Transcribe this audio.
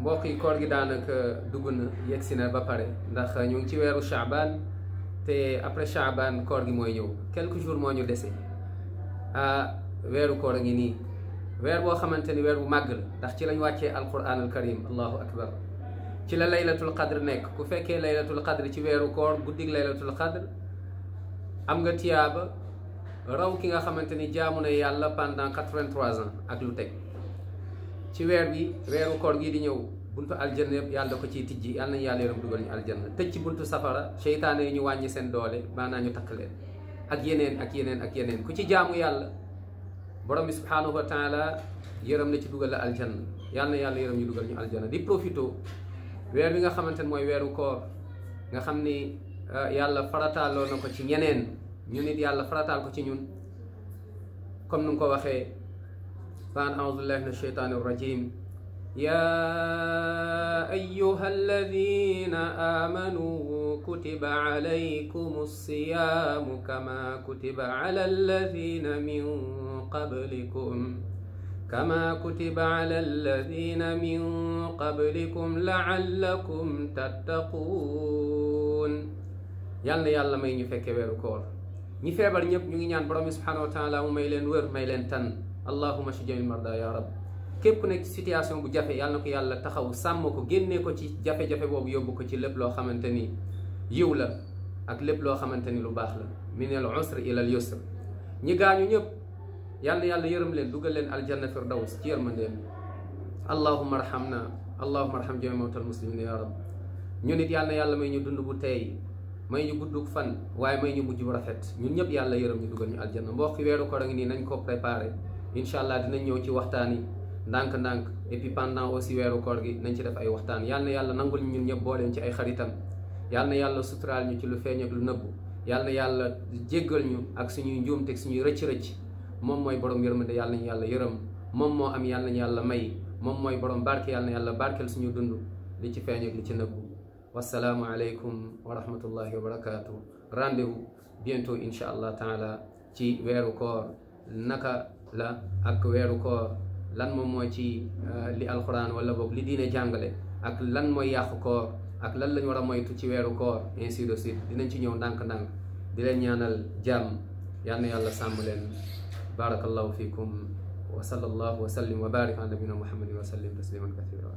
mbokk yi koor gi daanaka dugg na yegg si na ba pare ndax ñu ngi ci weeru Chaabaan te après Chaabaan koor gi mooy ñëw quelques jours moo ñu dese ah weeru koor a ngi nii weer boo xamante ni weer bu màgg la ndax ci lañ wàccee alquran al karim allahu akbar ci la laylatul qadr nekk ku fekkee laylatul qadr ci weeru koor guddig laylatul qadr am nga tiyaaba raw ki nga xamante ni jaamu na yàlla pendant quatre-vingt-trois ans ak lu teg ci weer bi weeru koor gii di ñëw buntu aljanna yëpp yàlla ko ciy tijji yàlla nañu yàlla yërëm dugal ñu aljanna tëj ci buntu safara seytaane yi ñu wàññi seen doole maanaam ñu takk leen ak yeneen ak yeneen ak yeneen ku ci jaamu yàlla borom bi subhaanahu wa taala yërëm na ci dugal la aljanna yàlla na yàlla yërëm ñu dugal ñu aljanna di profito weer bi nga xamante ne mooy weeru koor nga xam ni euh, yàlla farataaloo na ko ci ñeneen ñu nit yàlla farataal ko ci ñun comme nu ko waxee بعد أعوذ بالله من الشيطان الرجيم يا أيها الذين آمنوا كتب عليكم الصيام كما كتب على الذين من قبلكم كما كتب على الذين من قبلكم لعلكم تتقون yal na yàlla may ñu fekke weeru koor ñi feebar ñëpp ñu ngi ñaan borom bi subhanahu wa taala mu may leen wér may leen tan allahuma shujamil marda ya rab képp ku nekk ci situation bu jafe yàlla ko yàlla taxaw sàmm ko génnee ko ci jafe-jafe boobu yóbbu ko ci lépp loo xamante ni yiw la ak lépp loo xamante ni lu baax la min al usri ila al yusr ñi gaañu ñëpp yàlla yàlla yërëm leen dugal leen aljanna firdaws ci yërmandeem allahuma arham naa allahuma arham jami mawtal muslimin ya rab ñu nit yàlla na yàlla may ñu dund bu teey may ñu guddug fan waaye may ñu mujj bu rafet ñun ñëpp yàlla yërëm ñu dugal ñu aljanna mbokk weeru koor a ngi nii nañ ko préparé incha allah dinañ ñëw ci waxtaan yi ndànk-ndànk et puis pendant aussi weeru koor gi nañ ci def ay waxtaan yal na yàlla nangul ñun ñëpp booleen ci ay xaritam yal na yàlla suturaal ñu ci lu feeñ lu nëbbu yal na yàlla jéggal ñu ak suñuy njuumte ak suñuy rëcc-rëcc moom mooy borom yërmande yàlla nañu yàlla yërëm moom moo am yàlla nañu yàlla may moom mooy borom barke yàlla na yàlla barkeel suñu dund li ci feeñ li ci nëbbu wasalaamu aleykum wa rahmatullahi wa barakaatu rendez-vous bientôt incha allah taala ci weeru la ak weeru ko lan moom moo ci euh, li alxuraan wala boog li diine jàngale ak lan mooy yàq ko ak lan lañu war a moytu ci weeru koor ainsi de suite dinañ ci ñëw ndànk-ndànk di leen ñaanal jàmm yal yàlla sàmm leen barakallahu fikum wa sallallahu wa sallim wa barik ala nabina muhammadin wa sallim tasliman kathira